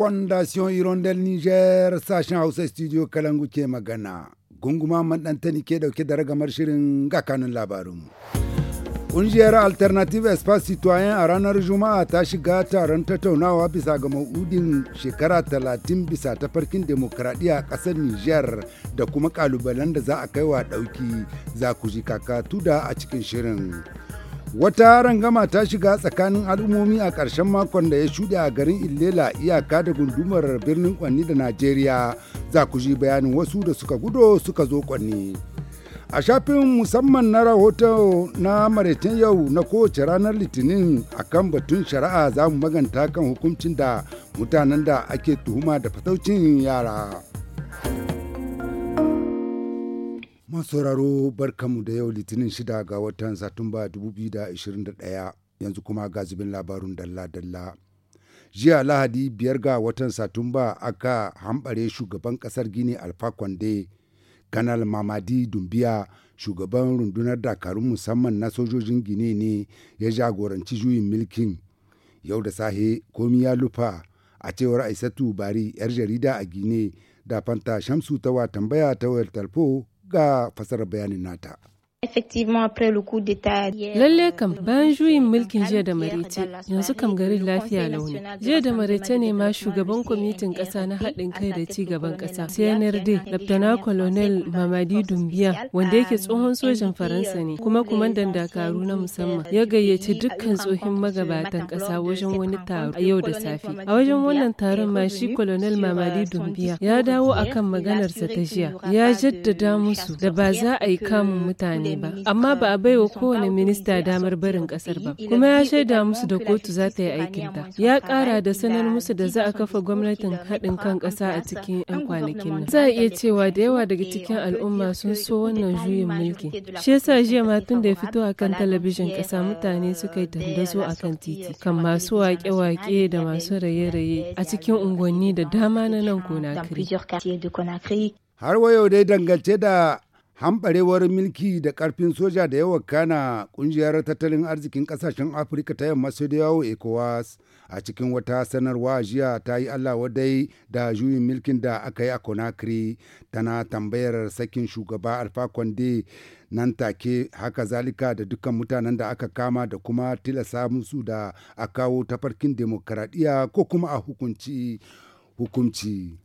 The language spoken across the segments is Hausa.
fondation irondel niger sashen hausa studio kalangu ke magana gunguma maɗantani ke ɗauke da ragamar shirin gakanin labarinmu Ƙungiyar Alternative Espace Citoyen a ranar Juma'a ta shiga taron tattaunawa bisa ga ma'udin shekara talatin bisa tafarkin demokradiyya a ƙasar Niger da kuma ƙalubalen da za a kai wa ɗauki za ku ji kakatu da a cikin shirin. Wata rangama ta shiga tsakanin al'ummomi a ƙarshen makon da ya shuɗe a garin Illela iyaka da gundumar birnin Kwanni da Najeriya za ku ji bayanin wasu da suka gudo suka zo Kwanni. A shafin musamman na rahoto na maraicen yau na kowace ranar Litinin a kan batun shari'a za mu maganta kan hukuncin da mutanen da ake tuhuma da fataucin yara. masauraro barkanmu da yau litinin shida ga watan satumba 2021 yanzu kuma ga zubin labarun dalla-dalla. jiya lahadi biyar ga watan satumba aka hambare shugaban kasar gini alfa kwande kanal mamadi dumbiya shugaban rundunar dakarun musamman na sojojin gine ne ya jagoranci juyin milkin yau da sahe komi ya lufa a cewar aisatu bari yar jarida a gine da fanta shamsu tawa tambaya ta wayar talfo ga fasarar bayanin nata. Lalle kam bayan juyin mulkin jiya da maraice yanzu kam garin lafiya launi. Jiya da maraice ne ma shugaban kwamitin ƙasa na haɗin kai da ci gaban ƙasa CNRD Laftana Colonel Mamadi Dumbiya wanda yake tsohon sojan Faransa ne kuma kumandan dakaru na musamman ya gayyaci dukkan tsohin magabatan ƙasa wajen wani taro a yau da safe. A wajen wannan taron ma shi Colonel Mamadi Dumbiya ya dawo akan maganarsa ta jiya ya jaddada musu da ba za a yi kamun mutane ne ba amma ba a baiwa kowane minista damar barin kasar ba kuma ya shaida musu da kotu za ta yi aikinta ya kara da sanar musu da za a kafa gwamnatin haɗin kan ƙasa a cikin 'yan kwanakin nan za a iya cewa da yawa daga cikin al'umma sun so wannan juyin mulki shi yasa jiya ma tun da ya fito a kan talabijin ƙasa mutane suka yi dandazo a kan titi kan masu wake-wake da masu raye-raye a cikin unguwanni da dama na nan konakiri har wayo dai dangance da hambarewar milki da karfin soja da yawa kana ƙungiyar tattalin arzikin ƙasashen afirka ta yamma sai da yawo ecowas a cikin wata sanarwa jiya ta yi allah wadai da juyin milkin da aka yi a conakry tana tambayar sakin shugaba alfa conde nan take haka zalika da dukkan mutanen da aka kama da kuma tilasa musu da a kawo tafarkin demokaradiyya ko kuma a hukunci hukunci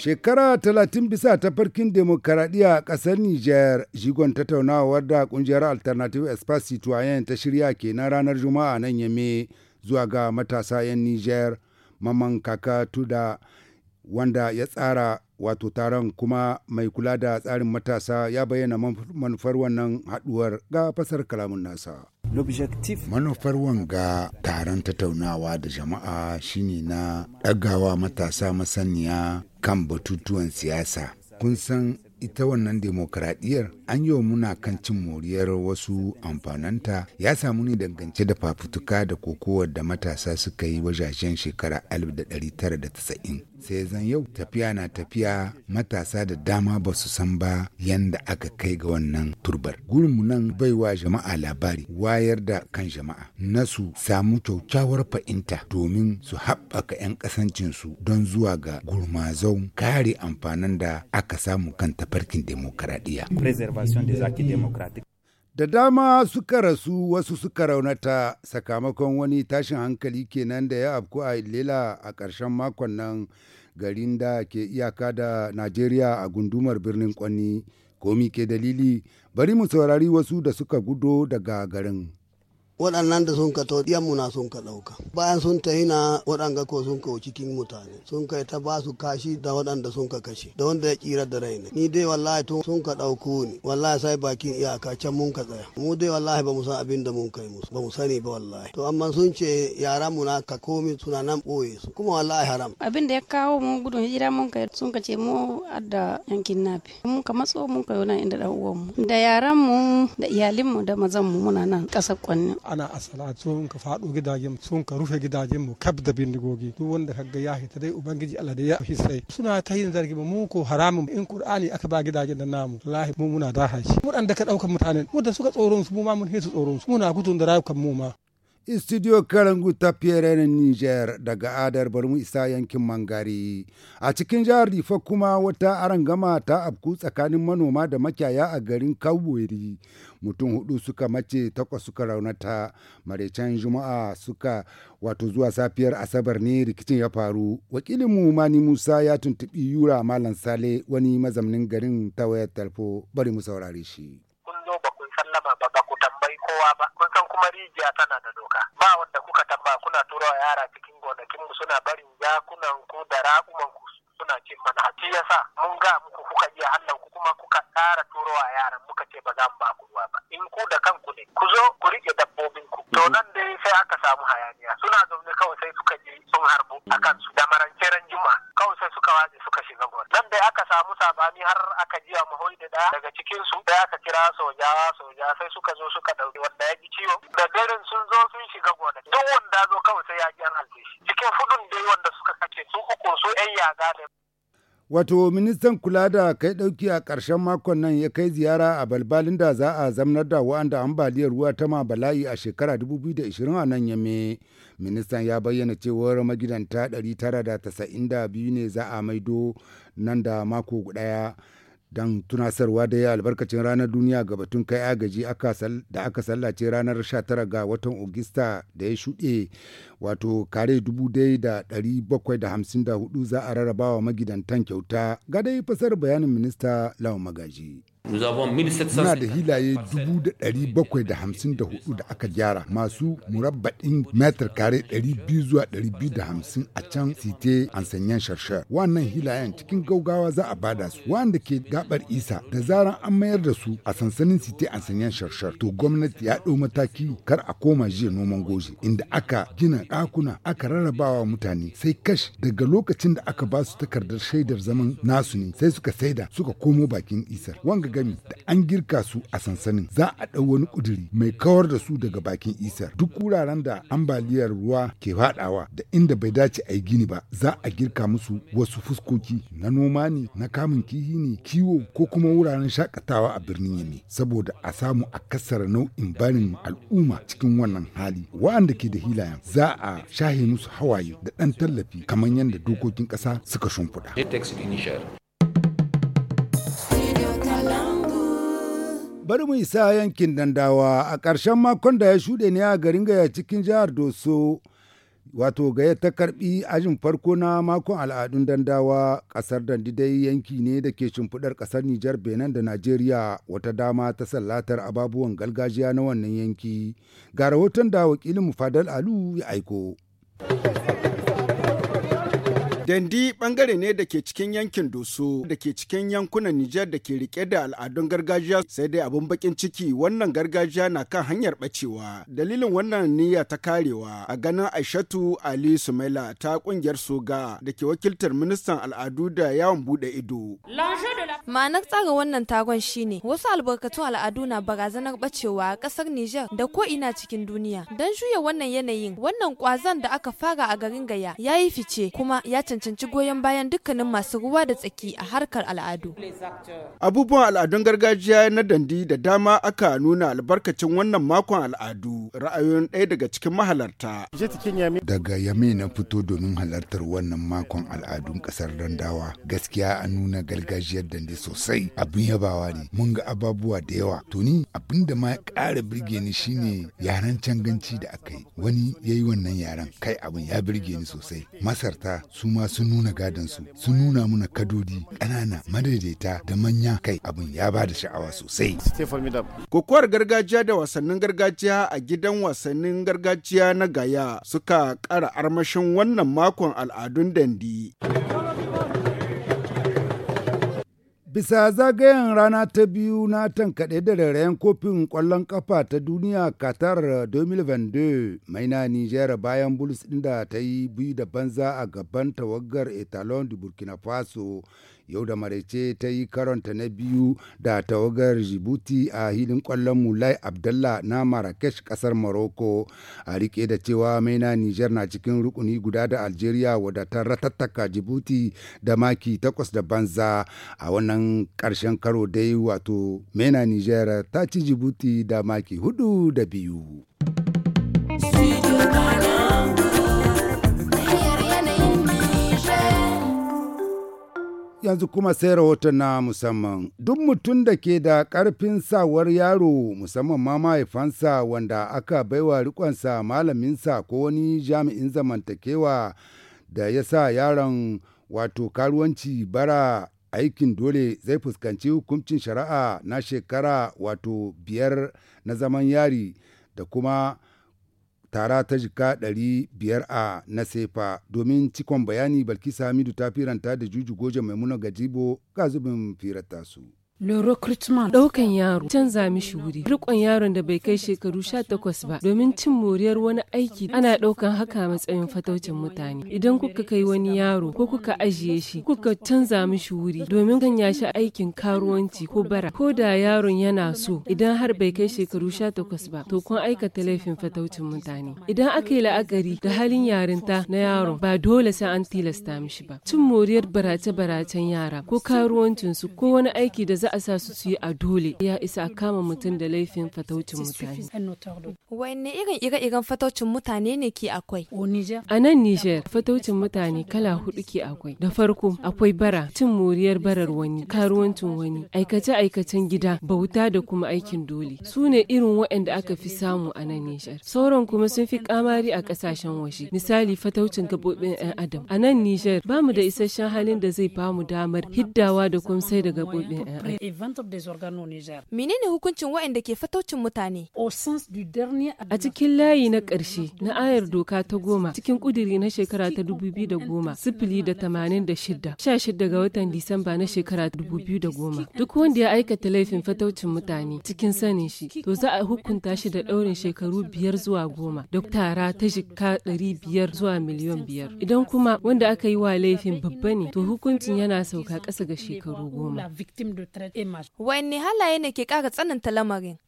Shekara talatin bisa ta farkin demokaradiyya a ƙasar niger jigon tattaunawar da ƙungiyar Alternative Espace Citoyen ta shirya kenan ranar Juma'a nan Yame zuwa ga matasa 'yan niger maman kaka tuda wanda ya tsara wato taron kuma mai kula da tsarin matasa ya bayyana manufar wannan haduwar ga fasar kalamun nasa. Manufar wanga taron tattaunawa da jama'a shine na ɗagawa matasa masaniya kan batutuwan siyasa. Kun san ita wannan demokradiyyar an yi wa muna kan cin moriyar wasu amfananta ya samu ne dangance da fafutuka da kokowar da matasa suka yi wajajen shekara 1990 sai zan yau tafiya na tafiya matasa da dama ba su san ba yadda aka kai ga wannan turbar gurinmu nan wa jama'a labari wayar da kan jama'a na su samu kyaukyawar fahimta domin su haɓaka 'yan ƙasancinsu don zuwa ga gurmazau kare amfanin da aka samu kan tafarkin demokaradiyya Da dama suka rasu wasu suka raunata sakamakon wani tashin hankali kenan da ya afku a Lela a ƙarshen makon nan garin da ke iyaka da Najeriya a gundumar birnin Kwanni. Komi ke dalili bari mu saurari wasu da suka gudo daga garin. waɗannan da sun ka to diyanmu na sun ka ɗauka bayan sun ta hina waɗanga ko sun ka cikin mutane sun kai ta ba su kashi da waɗanda sun ka kashe da wanda ya kira da raina ni dai wallahi tun sun ka ɗauku ni wallahi sai bakin iyaka can mun ka tsaya mu dai wallahi ba mu san abin da mun kai musu ba mu sani ba wallahi to amma sun ce yaran mu na ka komi suna nan ɓoye su kuma wallahi haram abin da ya kawo mu gudun hijira mun kai sun ka ce mu adda yankin nafi mun ka matso mun kai nan inda dan uwan mu da yaran mu da iyalin mu da mazan mu muna nan ƙasar kwanne ana asala sun ka faɗo gidajen sun ka rufe gidajen mu kaf da bindigogi duk wanda kaga ya hita dai ubangiji Allah da ya hisai suna ta yin zargi mu ko haramun in qur'ani aka ba gidajen da namu wallahi mu muna da haji mu dan da ka dauka mutanen mu da suka tsoron su mu ma mun hisu tsoron su muna gudun da rayukan mu ma Studio Karangu ta Fiyeren Niger daga Adar Barmu isa yankin Mangari. A cikin jihar Rifa kuma wata gama ta afku tsakanin manoma da makiyaya a garin Kawuri. Mutum hudu suka mace takwas suka raunata maraicen Juma'a suka wato zuwa safiyar Asabar ne rikicin ya faru. Wakilinmu Mani Musa ya tuntubi Yura Malam Sale wani mazamnin garin ta wayar bari mu saurare shi. ba kun san kuma rijiya tana da doka ba wanda kuka tabba kuna tura yara cikin gonakin mu suna barin yakunan ku da raƙuman ku suna cin mana haƙi yasa mun ga muku kuka iya hannun ku kuma kuka ƙara turowa yaran muka ce ba za mu ba ku ruwa ba in ku da kanku ne ku zo ku riƙe dabbobin to nan dai sai aka samu hayaniya suna zaune kawai sai suka je sun harbu a kansu da marance juma kawai sai suka waje suka shiga gol nan da aka samu sabani har aka ji a mahoi da daya daga cikin su sai aka kira sojawa soja sai suka zo suka dauki wanda ya ji ciwo da daren sun zo sun shiga gona duk wanda zo kawai sai ya ji an halbe cikin fudun dai wanda suka kace su uku su yan yaga da Wato ministan kula da kai ɗauki a karshen makon nan ya kai ziyara a balbalin da za a zamnar da wa'anda ambaliyar ruwa ta ma bala'i a shekara 2020 a nan yame. Ministan ya bayyana cewar magidanta 992 ne za a maido nan da mako guda. don tunasarwa da ya albarkacin ranar duniya ga batun kai agaji da aka sallace ranar 19 ga watan ogista da ya shuɗe wato kare 1754 za a rarrabawa magidantan kyauta ga dai fasar bayanin minista lawan magaji. Muna da hilaye 754 da aka gyara masu murabba'in metar kare 200 zuwa 250 a can site an sanyan sharshar. Wannan hilayen cikin gaugawa za a bada su wanda ke gabar isa da zaran an mayar da su a sansanin site an sanyan sharshar. To gwamnati ya ɗau mataki kar a koma jiya noman goji inda aka gina ɗakuna aka rarrabawa mutane sai kash daga lokacin da aka ba su takardar shaidar zaman nasu ne sai suka saida suka komo bakin isar. gami da an girka su a sansanin za a ɗau wani ƙuduri mai kawar da su daga bakin isar duk wuraren da ambaliyar ruwa ke faɗawa da inda bai dace a yi gini ba za a girka musu wasu fuskoki na noma ne na kamun kihi ne kiwo ko kuma wuraren shakatawa a birnin yame saboda a samu a kassara nau'in barin al'umma cikin wannan hali wa'anda ke da hilayen za a shahe musu hawaye da ɗan tallafi kamar yadda dokokin ƙasa suka shumfuɗa bari mu isa yankin dandawa a ƙarshen makon da ya shuɗe ne a garin gaya cikin jihar doso wato gaya ta karbi ajin farko na makon al'adun dandawa ƙasar dandidai yanki ne da ke shimfiɗar ƙasar nijar benin da najeriya wata dama ta sallatar ababuwan gargajiya na wannan yanki ga rahoton da wakilin mu fadal alu ya aiko Dandi bangare ne da ke cikin yankin Doso da ke cikin yankunan Nijar da ke rike da al'adun gargajiya sai dai abun bakin ciki wannan gargajiya na kan hanyar bacewa. Dalilin wannan niyya ta karewa a ganin Aishatu Ali Sumaila ta kungiyar Soga da ke wakiltar ministan al'adu da yawon bude ido. Ma'anar tsara wannan tagon shine wasu albarkatun al'adu na barazanar bacewa a ƙasar Nijar da ko ina cikin duniya. Don juya wannan yanayin, wannan kwazan da aka fara a garin Gaya ya yi fice kuma ya cancanci goyon bayan dukkanin masu ruwa da tsaki a harkar al'adu. Abubuwan al'adun gargajiya na dandi da dama aka nuna albarkacin wannan makon al'adu ra'ayoyin ɗaya daga cikin mahalarta. Daga Yami na fito domin halartar wannan makon al'adun kasar Randawa. Gaskiya a nuna gargajiyar da Bende sosai abin yabawa ne mun ga ababuwa da yawa to ni abin da ma ya ƙara birge ni shine yaren canganci da aka yi wani ya yi wannan yaren kai abin ya birge ni sosai masarta su ma sun nuna gadon su sun nuna muna kadodi ƙanana madaidaita da manya kai abin ya ba da sha'awa sosai kokowar gargajiya da wasannin gargajiya a gidan wasannin gargajiya na gaya suka ƙara armashin wannan makon al'adun dandi. Bisa zagayen rana ta biyu na tankaɗe da rairayen kofin ƙwallon ƙafa ta duniya Qatar 2022 mai na Nijar bayan Bulls ɗin da ta yi biyu da banza a gaban tawagar Etalon da Burkina Faso yau da maraice ta yi karanta na biyu da tawagar jibuti a hilin kwallon mulai abdallah na marrakesh kasar morocco a rike da cewa maina niger na cikin rukuni guda da algeria ta ratattaka jibuti da maki takwas da banza a wannan karshen karo dai wato maina niger ta ci jibuti da maki hudu da biyu. yanzu kuma sai rahoton na musamman duk mutum da ke da ƙarfin sawar yaro musamman ma mahaifansa wanda aka baiwa rikonsa malaminsa ko wani jami'in zamantakewa da ya sa yaron wato karuwanci bara aikin dole zai fuskanci hukuncin shari'a na shekara wato biyar na zaman yari da kuma tara ta jika ɗari biyar a na sefa domin cikon bayani balkisa hamidu ta firanta da juju goje maimuna gajibo ga zubin firata su. Le recrutement ɗaukan yaro canza mishi wuri rikon yaron da bai kai shekaru sha takwas ba domin cin moriyar wani aiki ana ɗaukan haka matsayin fataucin mutane idan kuka kai wani yaro ko kuka ajiye shi kuka canza mishi wuri domin kan ya shi aikin karuwanci ko bara ko da yaron yana so idan har bai kai shekaru sha takwas ba to kun aikata laifin fataucin mutane idan aka yi la'akari da halin yarinta na yaron ba dole sai an tilasta mishi ba cin moriyar barace-baracen yara ko karuwancinsu ko wani aiki da za a sa su su yi a dole ya isa kama mutum da laifin fataucin mutane. Wanne irin ire-iren fataucin mutane ne ke akwai? A nan Nijar fataucin mutane kala hudu ke akwai. Da farko akwai bara, cin moriyar barar wani, karuwancin wani, aikace-aikacen gida, bauta da kuma aikin dole. Su ne irin waɗanda aka fi samu a nan Nijar. Sauran kuma sun fi kamari a kasashen waje. Misali fataucin gaɓoɓin 'yan adam. A nan Nijar ba mu da isasshen halin da zai bamu damar hiddawa da kumsai da gaɓoɓin 'yan adam. Menene hukuncin waɗanda ke fataucin mutane? a cikin layi na ƙarshe na ayar doka ta goma cikin ƙudiri na shekara ta dubu da sifili da tamanin da shida sha shida ga watan Disamba na shekara dubu biyu duk wanda ya aikata laifin fataucin mutane cikin sanin shi to za a hukunta shi da ɗaurin shekaru biyar zuwa goma da tara ta shika ɗari biyar zuwa miliyan biyar idan kuma wanda aka yi wa laifin babba ne to hukuncin yana sauka ƙasa ga shekaru goma. Wanne halaye ne ke ƙara tsananta lamarin?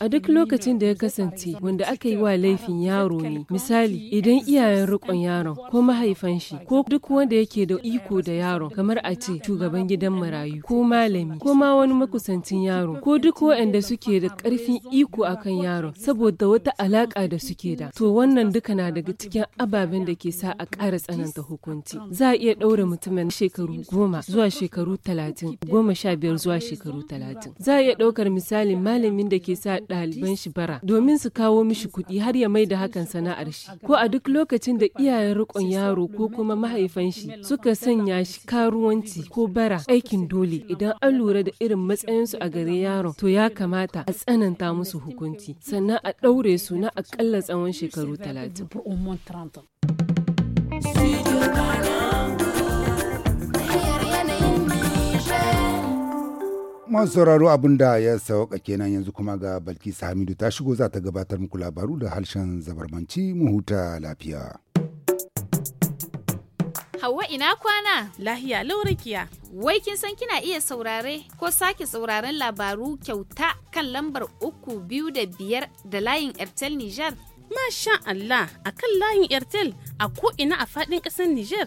A duk lokacin da ya kasance wanda aka yi wa laifin yaro ne, misali idan iyayen riƙon yaron ko mahaifan shi ko duk wanda yake da iko da yaron kamar a ce shugaban gidan marayu ko malami ko ma wani makusancin yaro ko duk waɗanda suke da ƙarfin iko akan yaron saboda wata alaƙa da suke da. To wannan duka na daga cikin ababen da ke sa a ƙara tsananta hukunci. Za a iya ɗaure mutumin shekaru goma zuwa shekaru talatin goma sha biyar zuwa shekaru talatin. Za a iya ɗaukar misalin malamin da ke sa ɗaliban shi bara domin su kawo mishi kuɗi har ya mai da hakan sana'ar shi. Ko a duk lokacin da iyayen riƙon yaro ko kuma mahaifan shi suka sanya shi karuwanci ko bara aikin dole idan an lura da irin matsayinsu a gare yaron to ya kamata a tsananta musu hukunci sannan a ɗaure su na aƙalla tsawon shekaru talatin. masu sauraro abin da ya sauka kenan yanzu kuma ga balkis hamidu ta shigo za ta gabatar muku labaru da harshen zabarmanci mu huta lafiya Hauwa ina kwana? Lahiya laurakiya. Wai kin san kina iya saurare ko sake sauraren labaru kyauta kan lambar uku biyu da biyar da layin Airtel Niger? Masha Allah a kan layin Airtel a ko ina a faɗin ƙasar Niger.